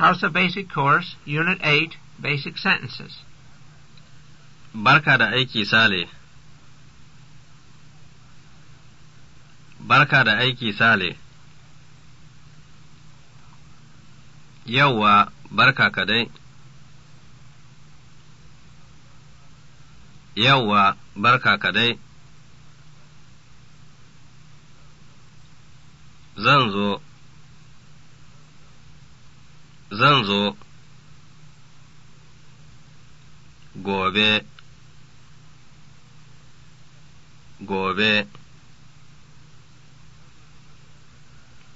Hausa Basic Course, Unit 8, Basic Sentences. Barka da aiki Sale. Barka da aiki Sale. Yauwa, barka ka Yauwa, barka ka Zan zo. zan zo gobe gobe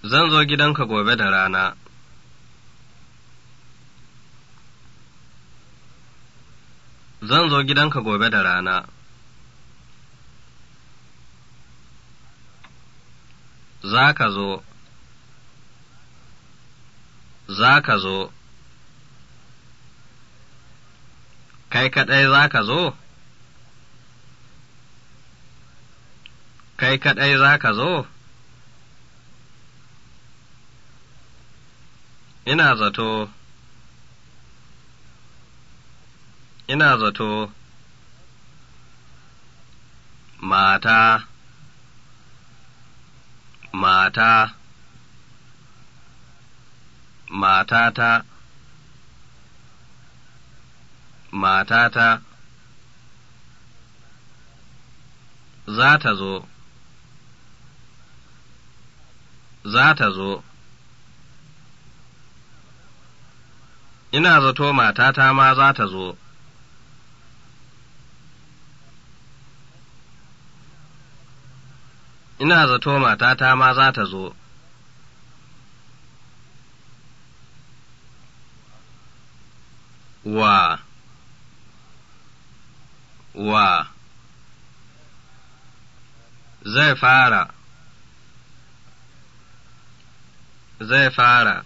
zan zo gidanka gobe da rana zan zo gidanka gobe da rana za ka zo za ka zo, kai kaɗai za ka zo, kai kaɗai za ka zo, ina zato, ina zato, mata, mata. matata matata za ta zo za ta zo ina zato matata ma za ta zo ina zato matata ma za ta zo Wa. Wa. zai fara zai fara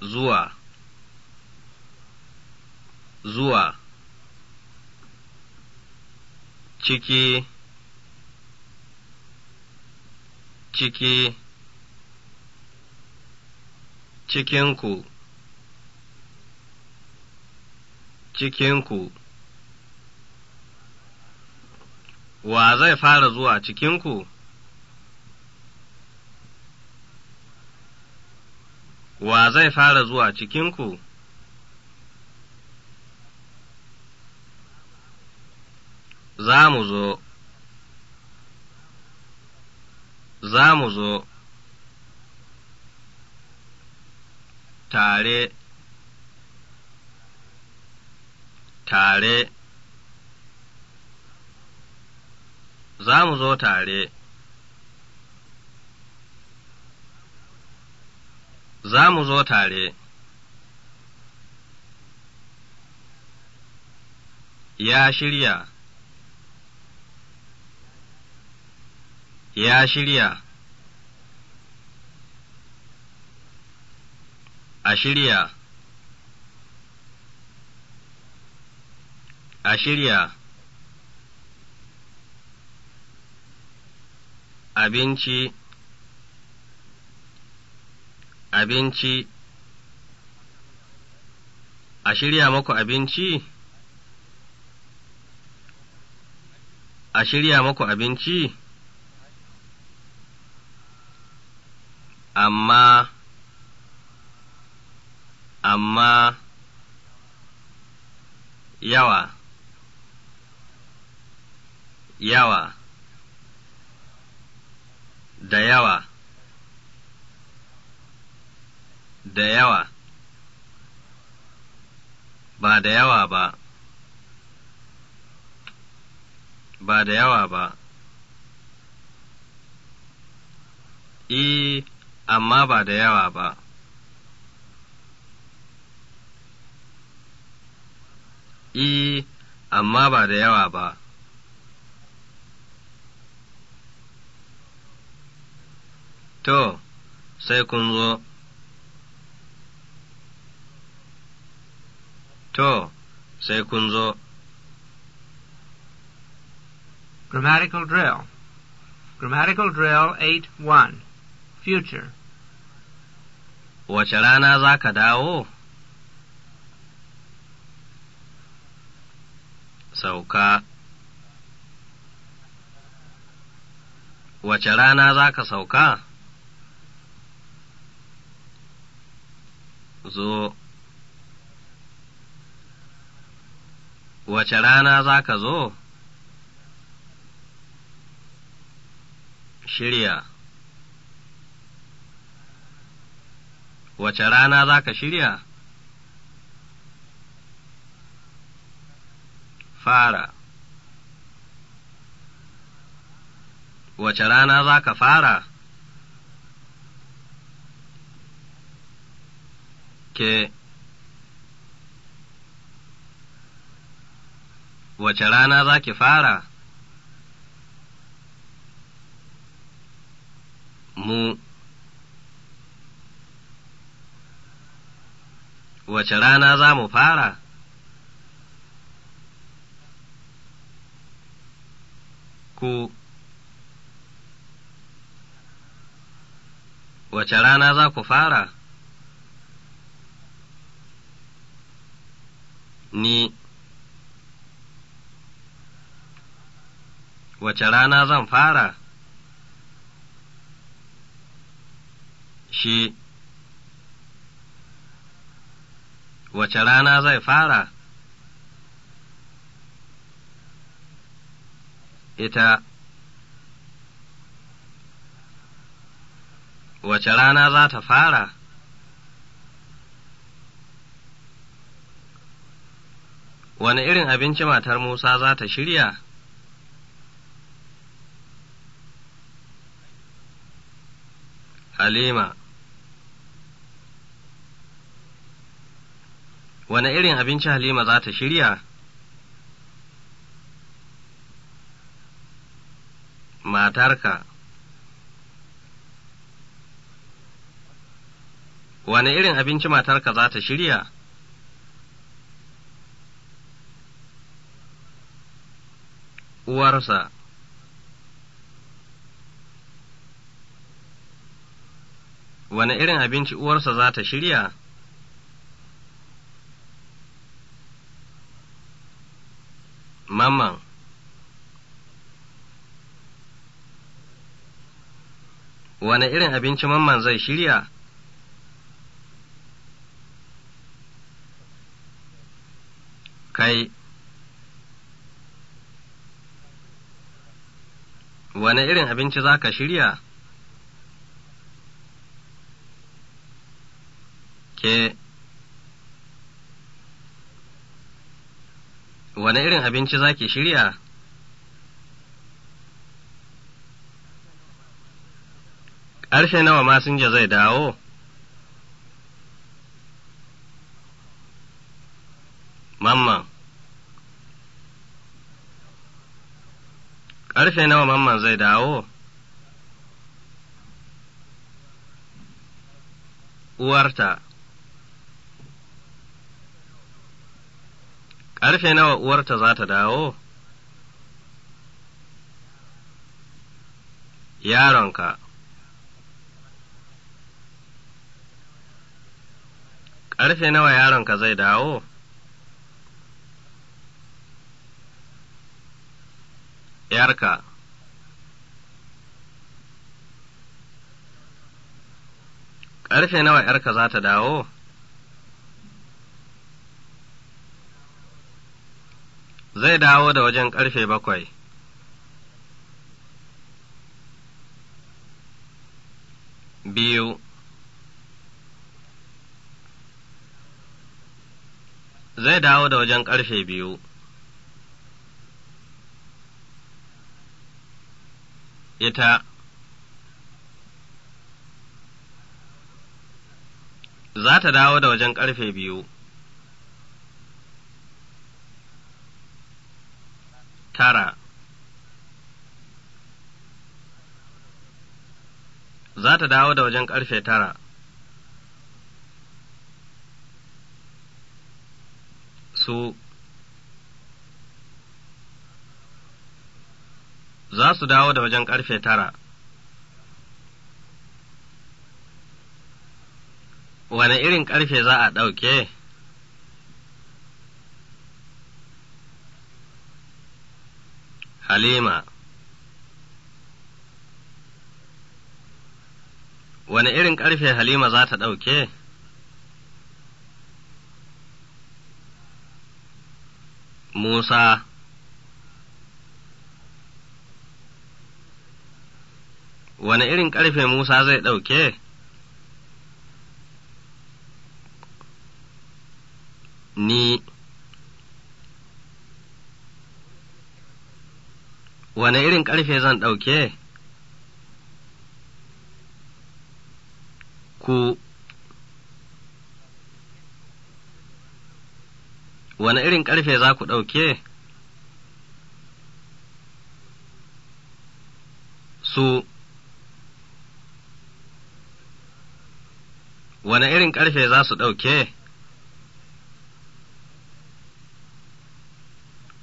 zuwa zuwa ciki ciki cikinku cikinku, wa zai fara zuwa cikinku? Wa zai fara zuwa cikinku? Za mu zo, za mu zo, tare. tare za mu zo tare za mu zo tare ya shirya ya shirya a shirya a shirya abinci abinci a shirya muku abinci a shirya muku abinci amma amma yawa yeah, yawa da yawa da yawa ba da yawa ba ba da yawa ba E, amma ba da yawa ba. E, amma ba da yawa ba. to sai kun zo to sai kun zo grammatical drill grammatical drill 8-1 future wace rana za ka dawo sauka wace rana za ka sauka zo wace rana za ka zo shirya wace rana za ka shirya fara wace rana za ka fara که wace rana za ki fara? Mu Wace rana za mu fara? Ku Wace rana za ku fara? ni wace rana zan fara shi wace rana zai fara ita wace rana za ta fara wani irin abinci matar Musa za ta shirya? Halima Wani irin abinci Halima za ta shirya? Matarka Wani irin abinci matarka za ta shirya? uwarsa wane irin abinci uwarsa za ta shirya mamman wane irin abinci mamman zai shirya kai wane irin abinci za ka shirya? Ke, wane irin abinci za ki shirya? Ƙarshe nawa masinja zai dawo? Mamman. Karfe nawa mamman zai dawo? Uwarta Karfe nawa uwarta za ta dawo? Yaronka Karfe nawa yaronka zai dawo? ‘yarka. Ƙarfe nawa ‘yarka za ta dawo? Zai dawo da wajen ƙarfe bakwai. Biyu Zai dawo da wajen ƙarfe biyu. ita za ta dawo da wajen ƙarfe biyu. Tara Za ta dawo da wajen ƙarfe tara. Su za su dawo da wajen ƙarfe tara. Wane irin ƙarfe za a ɗauke? Halima Wane irin ƙarfe Halima za ta ɗauke? Musa wani irin ƙarfe Musa zai ɗauke? Ni Wane irin ƙarfe zan ɗauke? Ku Wane irin ƙarfe za ku ɗauke? Su wane irin ƙarfe za su ɗauke?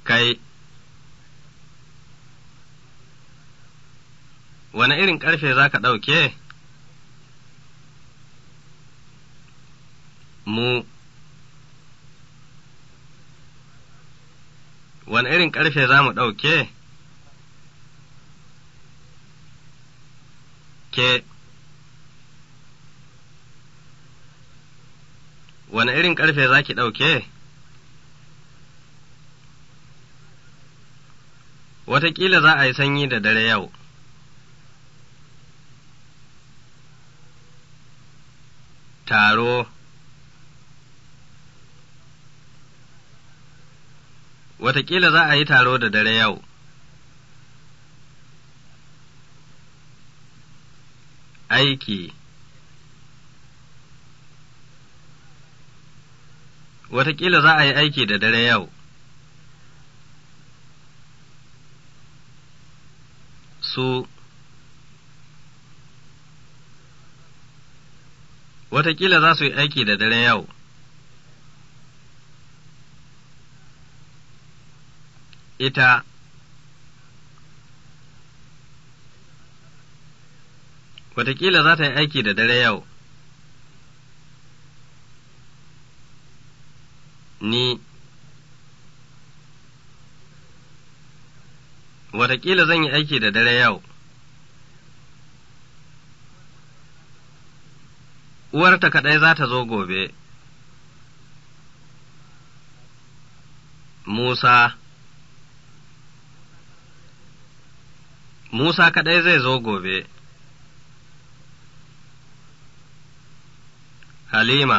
Kai, wane irin ƙarfe za ka ɗauke? Mu, wane irin ƙarfe za mu ɗauke? Ke. wani irin ƙarfe za ki ɗauke? Wataƙila za a yi sanyi da dare yau. Taro Wataƙila za a yi taro da dare yau. Aiki watakila za a yi aiki da dare yau. Su Watakila za su yi aiki da dare yau. Ita Watakila za ta yi aiki da dare yau. ni watakila zan yi aiki da dare yau uwarta kaɗai za ta zo gobe Musa Musa kaɗai zai zo gobe Halima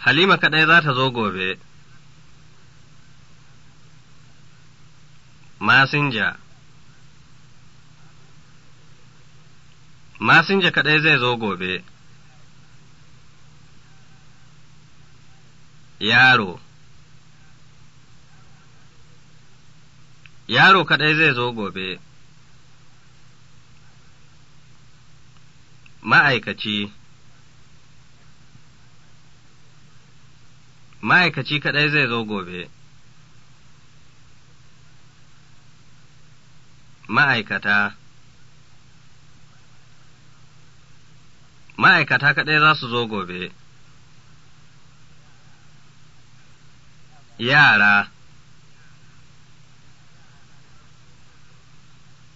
Halima kaɗai za ta zo gobe. Masinja Masinja kaɗai zai zo gobe. Yaro Yaro kaɗai zai zo gobe. Ma'aikaci ma'aikaci kaɗai zai zo gobe. Ma'aikata Ma'aikata kaɗai za su zo gobe. Yara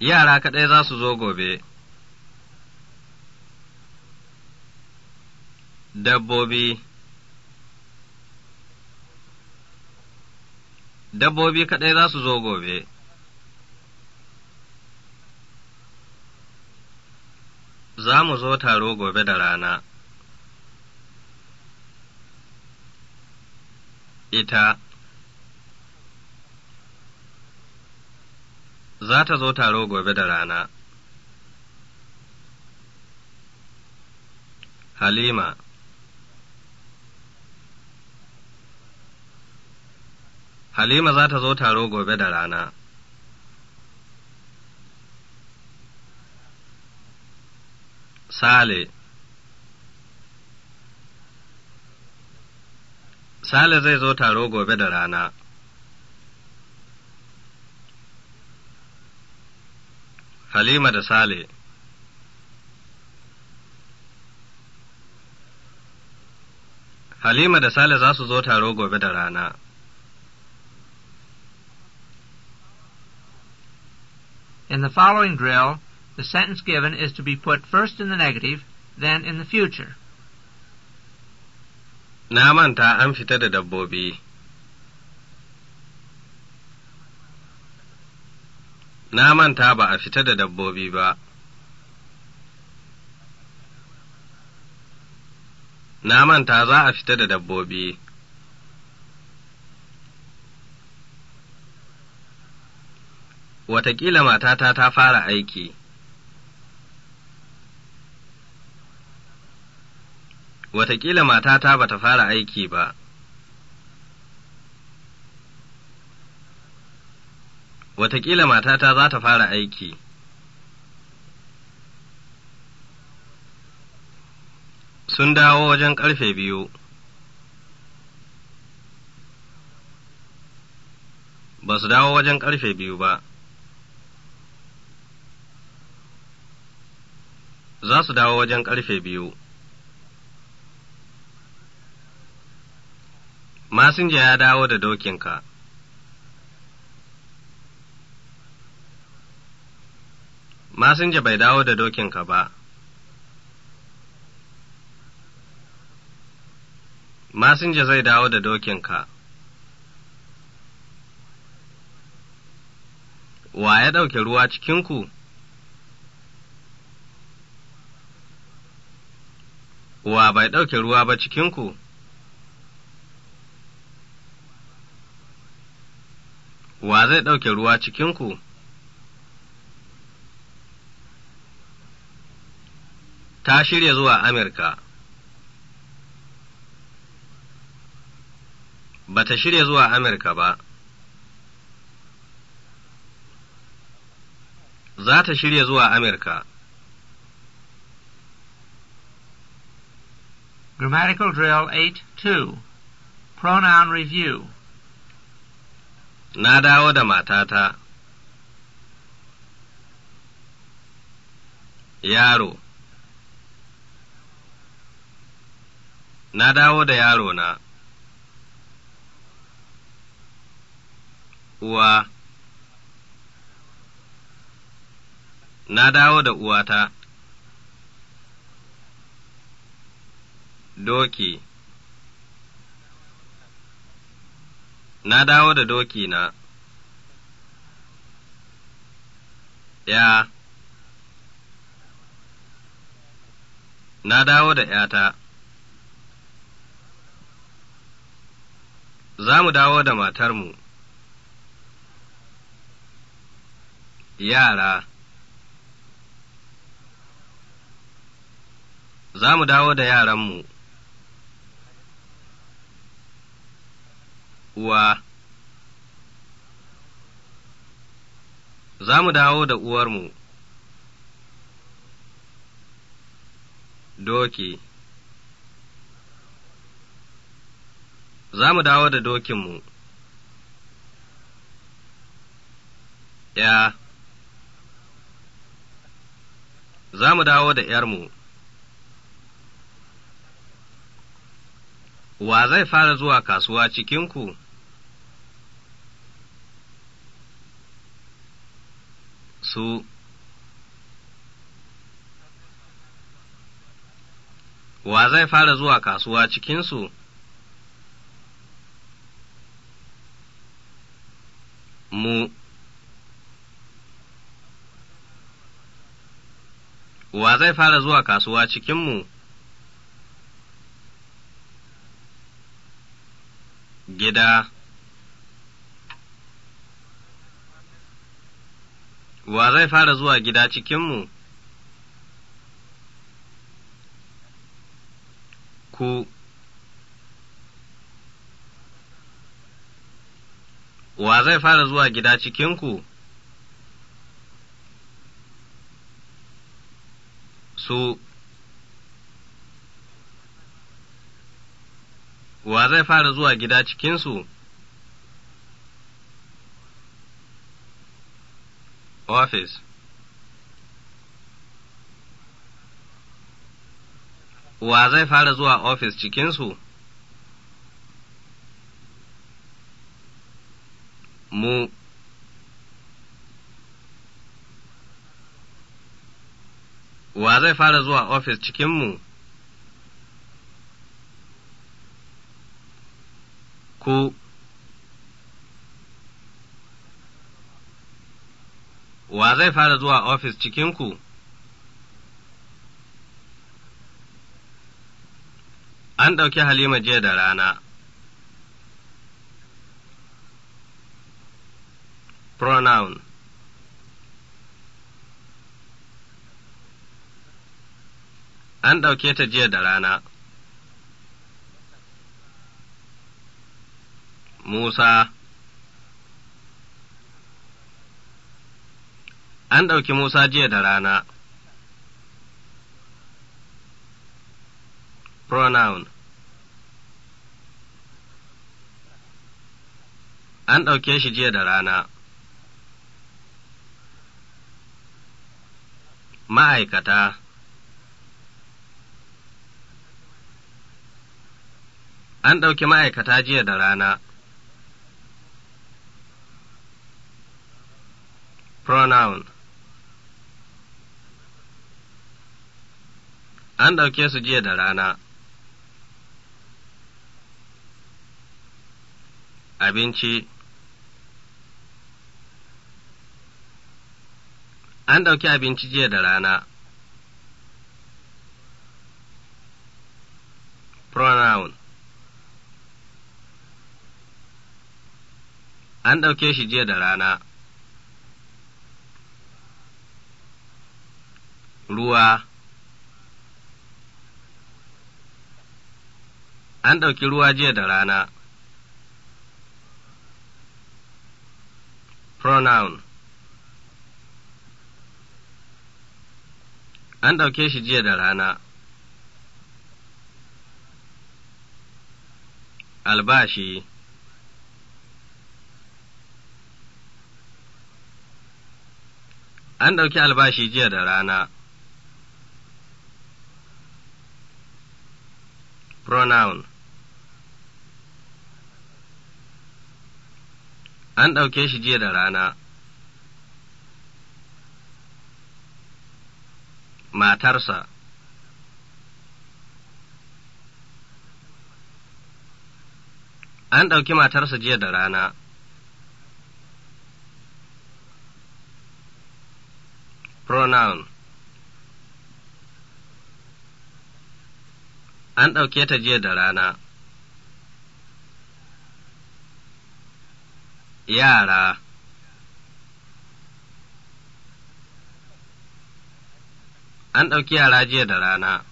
Yara kaɗai za su zo gobe. Dabbobi dabbobi kaɗai za su zo gobe. Za mu zo taro gobe da rana. Ita Za ta zo taro gobe da rana. Halima Halima za ta zo taro gobe da rana. Sale Sale zai zo taro gobe da rana. Halima da Sale Halima da Sale za su zo taro gobe da rana. In the following drill, the sentence given is to be put first in the negative, then in the future. Na manta an fita da dabbobi. Na manta ba a fita da dabbobi ba. Na manta za a fita da dabbobi. Wataƙila matata ta fara aiki. Wataƙila matata ba ta fara aiki ba. Wataƙila matata za ta fara aiki. Sun dawo wajen ƙarfe biyu. Ba su dawo wajen ƙarfe biyu ba. za su dawo wajen ƙarfe biyu. Masinja ya dawo da dokinka. Masinja bai dawo da dokinka ba. Masinja zai dawo da dokinka. Wa ya ɗauke ruwa cikinku? wa bai ɗauke ruwa ba cikinku, wa zai ɗauke ruwa cikinku, ta shirya zuwa Amurka, ba ta shirya zuwa Amurka ba. Za ta shirya zuwa Amurka. Grammatical Drill 8-2 Pronoun Review Na dawo da matata. Yaro Na dawo da yaro na. Uwa Na dawo da uwata. Doki Na dawo da doki na ’ya Na dawo da ’yata Za mu dawo da matarmu Yara Za mu dawo da yaranmu uwa za mu dawo da uwarmu doki za mu dawo da dokinmu ya za mu dawo da ‘yarmu, wa zai fara zuwa kasuwa cikinku? su wa zai fara zuwa kasuwa cikinsu mu wa zai fara zuwa kasuwa cikinmu gida wa zai fara zuwa gida cikinmu? Ku Wa zai fara zuwa gida cikinku? Su Wa zai fara zuwa gida cikinsu? office wa zai fara zuwa ofis cikinsu? Mu Wa zai fara zuwa ofis cikinmu? Ku wa zai fara zuwa ofis cikinku? An ɗauki Halima jiya da rana. Pronoun An ɗauke ta jiya da rana. Musa An ɗauki Musa jiya da rana. Pronoun An ɗauke shi jiya da rana. Ma'aikata An ɗauki ma'aikata jiya da rana. Pronoun an ɗauke su jiya da rana. Abinci An ɗauki abinci jiya da rana. Pronoun An ɗauke shi jiya da rana. Ruwa an ɗauki ruwa jiya da rana. Pronoun An ɗauke shi jiya da rana. Albashi An ɗauki albashi jiya da rana. Pronoun an ɗauke shi jiya da rana matarsa an ɗauki matarsa jiya da rana pronoun an ɗauke ta jiya da rana yara an ɗauki yara jiya da rana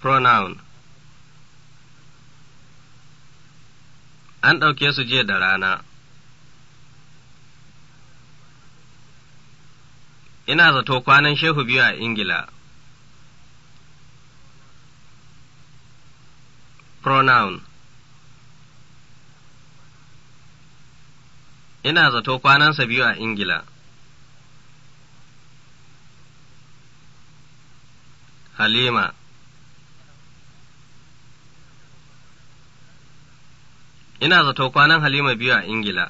pronoun an ɗauke su jiya da rana ina zato kwanan shehu biyu a ingila pronoun ina zato kwanansa biyu a Ingila. Halima Ina zato kwanan Halima biyu a Ingila.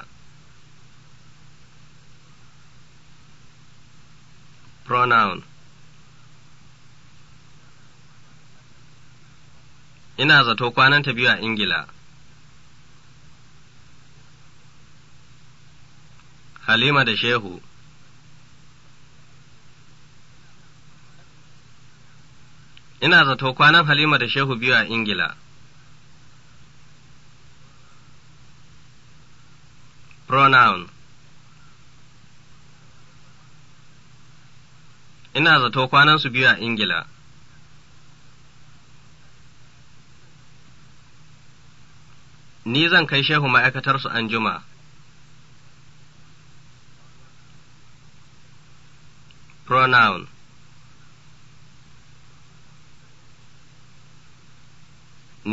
Pronoun Ina zato kwananta biyu a Ingila. Halima da Shehu Ina zato kwanan Halima da Shehu biyu a Ingila. Pronoun Ina zato kwanansu biyu a Ingila. Ni zan kai Shehu ma'aikatarsu juma’a. pronoun.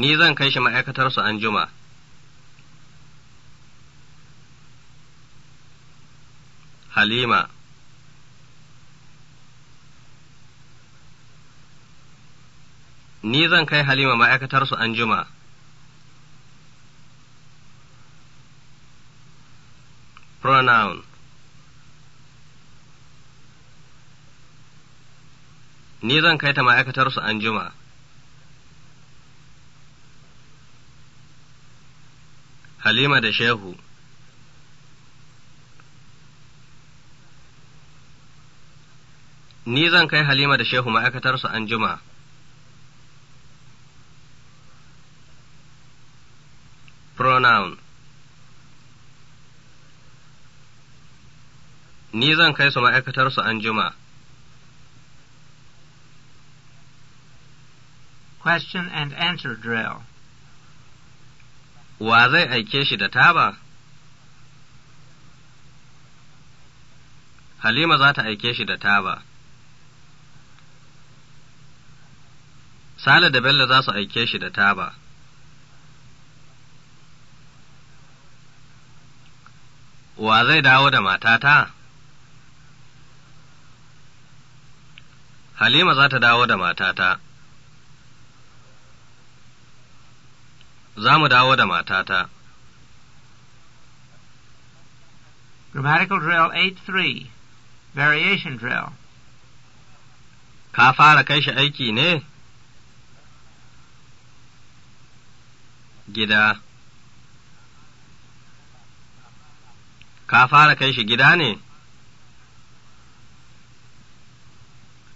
Ni zan kai shi ma'aikatarsu an juma. Halima Ni zan kai Halima ma'aikatarsu an juma. Pronoun ni zan kai ta ma'aikatarsu an jima. Halima da Shehu Ni zan kai Halima da Shehu ma'aikatarsu an jima. Pronoun Ni zan kai su ma'aikatarsu an jima. Question and answer drill. Wa zai aike shi da taba? Halima za ta aike shi da taba. Sale da Bello za su aike shi da taba. Wa zai dawo da matata? Halima za ta dawo da matata. za mu dawo da matata. Grammatical Drill 8-3 Variation Drill Ka fara kai shi aiki ne? Gida Ka fara kai shi gida ne?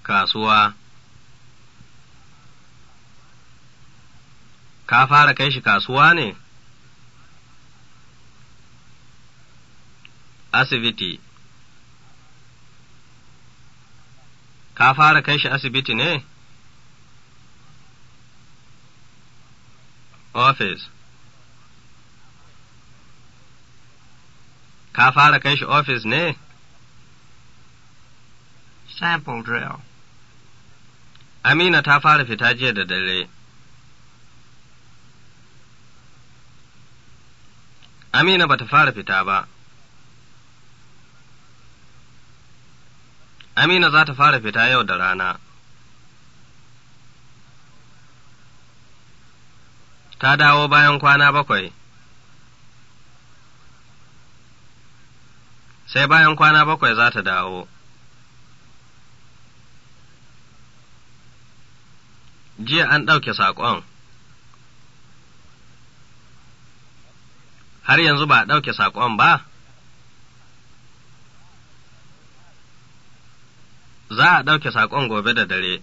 Kasuwa ka fara kai shi kasuwa ne? Asibiti Ka fara kai shi asibiti ne? Office Ka fara kai shi office ne? Sample drill Amina ta fara fita jiya da dare. Amina ba ta fara fita ba. Amina za ta fara fita yau da rana. Ta dawo bayan kwana bakwai. Sai bayan kwana bakwai za ta dawo. Jiya an ɗauke saƙon. har yanzu ba a ɗauke saƙon ba? Za a ɗauke saƙon gobe da dare.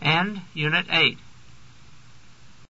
And Unit 8